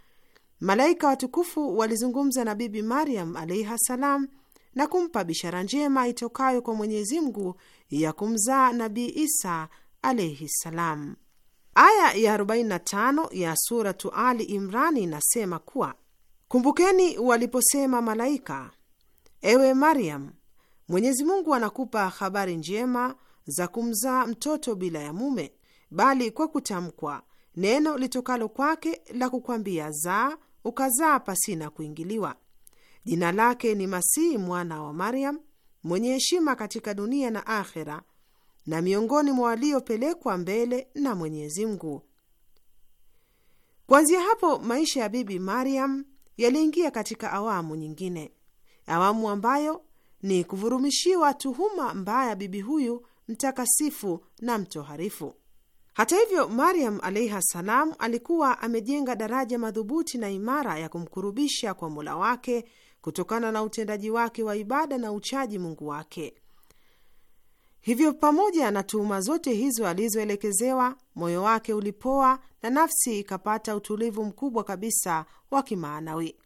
malaika watukufu walizungumza na Bibi Mariam alaihi salam na kumpa bishara njema itokayo kwa Mwenyezi Mungu ya kumzaa Nabii Isa alaihi salam. Aya ya 45 ya Suratu Ali Imrani inasema kuwa kumbukeni waliposema malaika, ewe mariam Mwenyezi Mungu anakupa habari njema za kumzaa mtoto bila ya mume, bali kwa kutamkwa neno litokalo kwake la kukwambia zaa, ukazaa pasina kuingiliwa. Jina lake ni Masihi mwana wa Maryam, mwenye heshima katika dunia na akhera, na miongoni mwa waliopelekwa mbele na Mwenyezi Mungu. Kuanzia hapo maisha ya Bibi Maryam yaliingia katika awamu nyingine, awamu ambayo ni kuvurumishiwa tuhuma mbaya bibi huyu mtakasifu na mtoharifu. Hata hivyo, Mariam alaiha salam alikuwa amejenga daraja madhubuti na imara ya kumkurubisha kwa mola wake kutokana na utendaji wake wa ibada na uchaji Mungu wake. Hivyo, pamoja na tuhuma zote hizo alizoelekezewa, moyo wake ulipoa na nafsi ikapata utulivu mkubwa kabisa wa kimaanawi.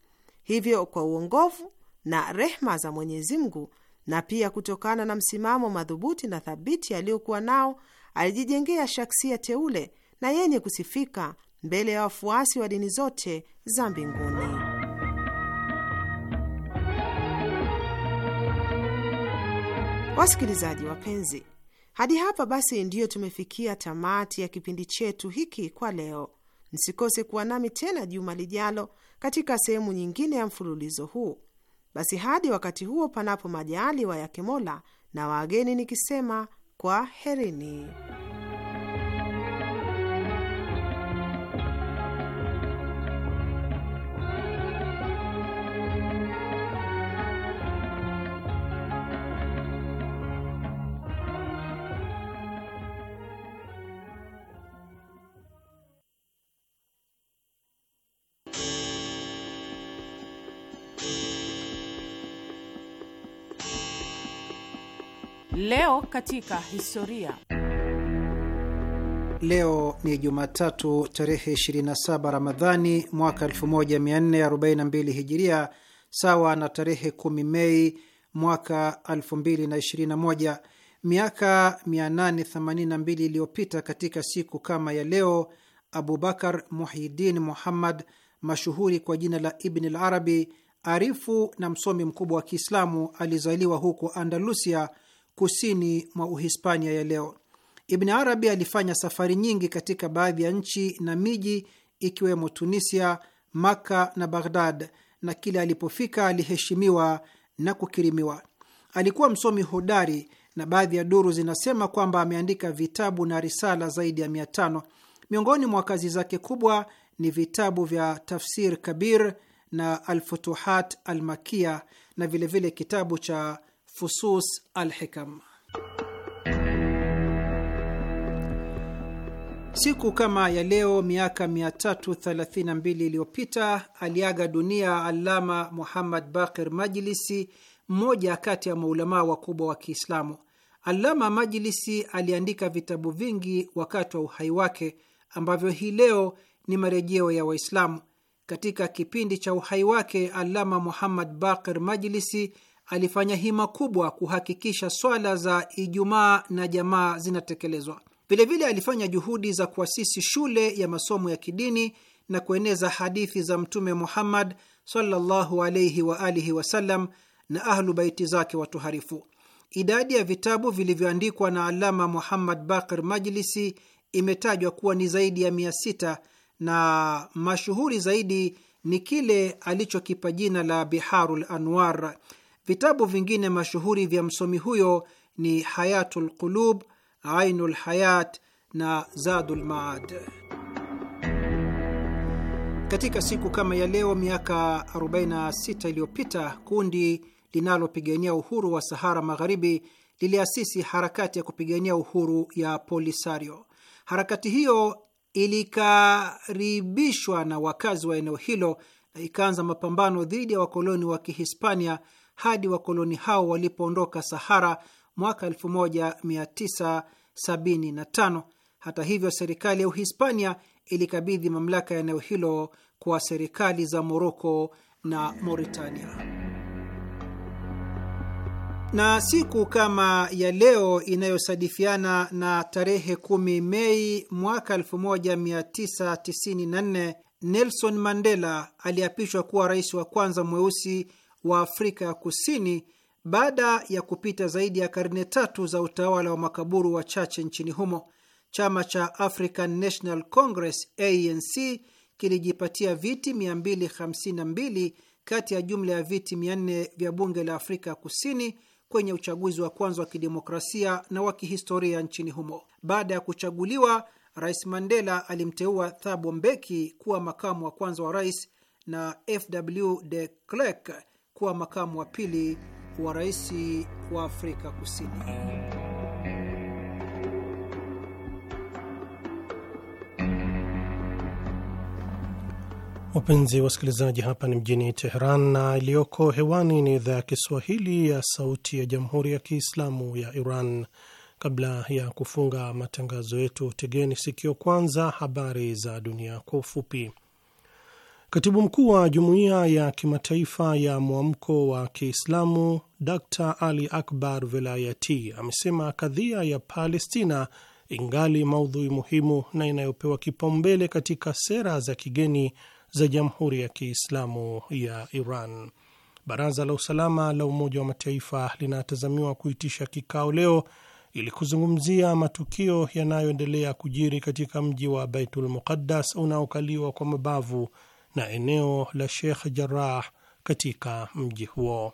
Hivyo, kwa uongovu na rehma za Mwenyezi Mungu na pia kutokana na msimamo madhubuti na thabiti aliyokuwa nao alijijengea shaksia teule na yenye kusifika mbele ya wafuasi wa dini zote za mbinguni. Wasikilizaji wapenzi, hadi hapa basi ndiyo tumefikia tamati ya kipindi chetu hiki kwa leo. Msikose kuwa nami tena juma lijalo katika sehemu nyingine ya mfululizo huu. Basi hadi wakati huo, panapo majaaliwa yake Mola, na wageni nikisema kwa herini Leo katika historia. Leo ni Jumatatu tarehe 27 Ramadhani mwaka 1442 Hijiria, sawa na tarehe 10 Mei mwaka 2021. Miaka 882 iliyopita katika siku kama ya leo, Abubakar Muhyiddin Muhammad mashuhuri kwa jina la Ibn al Arabi, arifu na msomi mkubwa wa Kiislamu, alizaliwa huko Andalusia kusini mwa Uhispania ya leo. Ibn Arabi alifanya safari nyingi katika baadhi ya nchi na miji ikiwemo Tunisia, Maka na Baghdad, na kila alipofika aliheshimiwa na kukirimiwa. Alikuwa msomi hodari na baadhi ya duru zinasema kwamba ameandika vitabu na risala zaidi ya mia tano. Miongoni mwa kazi zake kubwa ni vitabu vya Tafsir Kabir na Alfutuhat Almakia na vilevile vile kitabu cha Fusus al-Hikam. Siku kama ya leo miaka 332 iliyopita aliaga dunia Allama Muhammad Baqir Majlisi, mmoja kati ya maulamaa wakubwa wa Kiislamu. Allama Majlisi aliandika vitabu vingi wakati wa uhai wake ambavyo hii leo ni marejeo ya Waislamu. Katika kipindi cha uhai wake, Allama Muhammad Baqir Majlisi alifanya hima kubwa kuhakikisha swala za Ijumaa na jamaa zinatekelezwa. Vilevile alifanya juhudi za kuasisi shule ya masomo ya kidini na kueneza hadithi za Mtume Muhammad sallallahu alaihi wa alihi wasallam na Ahlu Baiti zake watuharifu. Idadi ya vitabu vilivyoandikwa na Alama Muhammad Bakr Majlisi imetajwa kuwa ni zaidi ya mia sita na mashuhuri zaidi ni kile alichokipa jina la Biharul Anwar Vitabu vingine mashuhuri vya msomi huyo ni Hayatul Qulub, Ainul Hayat na Zadul Maad. Katika siku kama ya leo miaka 46 iliyopita kundi linalopigania uhuru wa Sahara Magharibi liliasisi harakati ya kupigania uhuru ya Polisario. Harakati hiyo ilikaribishwa na wakazi wa eneo hilo na ikaanza mapambano dhidi ya wakoloni wa Kihispania hadi wakoloni hao walipoondoka Sahara mwaka 1975. Hata hivyo, serikali ya Uhispania ilikabidhi mamlaka ya eneo hilo kwa serikali za Moroko na Mauritania na siku kama ya leo inayosadifiana na tarehe 10 Mei mwaka 1994, Nelson Mandela aliapishwa kuwa rais wa kwanza mweusi wa Afrika ya Kusini baada ya kupita zaidi ya karne tatu za utawala wa makaburu wachache nchini humo. Chama cha African National Congress ANC kilijipatia viti 252 kati ya jumla ya viti 400 vya bunge la Afrika ya Kusini kwenye uchaguzi wa kwanza wa kidemokrasia na wa kihistoria nchini humo. Baada ya kuchaguliwa, Rais Mandela alimteua Thabo Mbeki kuwa makamu wa kwanza wa rais na FW de Klerk kuwa makamu wa pili wa rais wa Afrika Kusini. Wapenzi wasikilizaji, hapa ni mjini Teheran na iliyoko hewani ni idhaa ya Kiswahili ya Sauti ya Jamhuri ya Kiislamu ya Iran. Kabla ya kufunga matangazo yetu, tegeni sikio kwanza habari za dunia kwa ufupi. Katibu mkuu wa jumuiya ya kimataifa ya mwamko wa Kiislamu Dr Ali Akbar Velayati amesema kadhia ya Palestina ingali maudhui muhimu na inayopewa kipaumbele katika sera za kigeni za Jamhuri ya Kiislamu ya Iran. Baraza la Usalama la Umoja wa Mataifa linatazamiwa kuitisha kikao leo ili kuzungumzia matukio yanayoendelea kujiri katika mji wa Baitul Muqaddas unaokaliwa kwa mabavu na eneo la Sheikh Jarrah katika mji huo.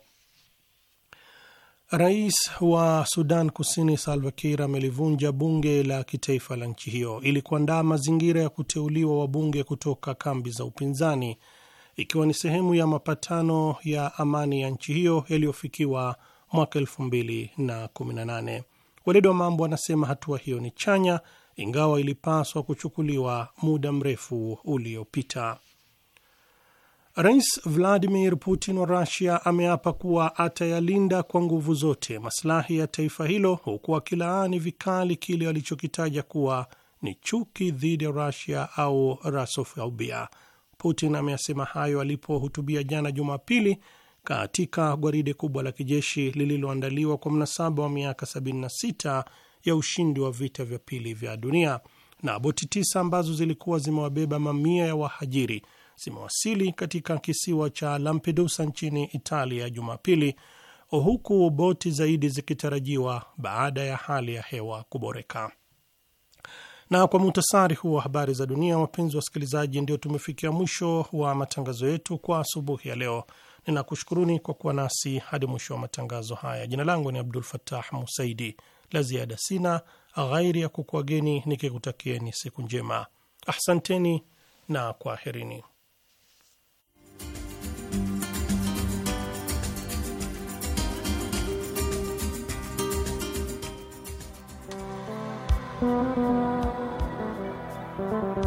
Rais wa Sudan Kusini Salva Kiir amelivunja bunge la kitaifa la nchi hiyo ili kuandaa mazingira ya kuteuliwa wabunge kutoka kambi za upinzani ikiwa ni sehemu ya mapatano ya amani ya nchi hiyo yaliyofikiwa mwaka nane. Weledi wa mambo anasema hatua hiyo ni chanya, ingawa ilipaswa kuchukuliwa muda mrefu uliopita. Rais Vladimir Putin wa Rusia ameapa kuwa atayalinda kwa nguvu zote masilahi ya taifa hilo huku akilaani vikali kile alichokitaja kuwa ni chuki dhidi ya Rusia au rasofobia. Putin ameyasema hayo alipohutubia jana Jumapili katika gwaride kubwa la kijeshi lililoandaliwa kwa mnasaba wa miaka 76 ya ushindi wa vita vya pili vya dunia. Na boti tisa ambazo zilikuwa zimewabeba mamia ya wahajiri zimewasili katika kisiwa cha Lampedusa nchini Italia Jumapili, huku boti zaidi zikitarajiwa baada ya hali ya hewa kuboreka. Na kwa muhtasari huu wa habari za dunia, wapenzi wa wasikilizaji, ndio tumefikia mwisho wa matangazo yetu kwa asubuhi ya leo. Ninakushukuruni kwa kuwa nasi hadi mwisho wa matangazo haya. Jina langu ni Abdul fatah Musaidi. La ziada sina ghairi ya kukuageni nikikutakieni siku njema. Ahsanteni na kwaherini. Thank you.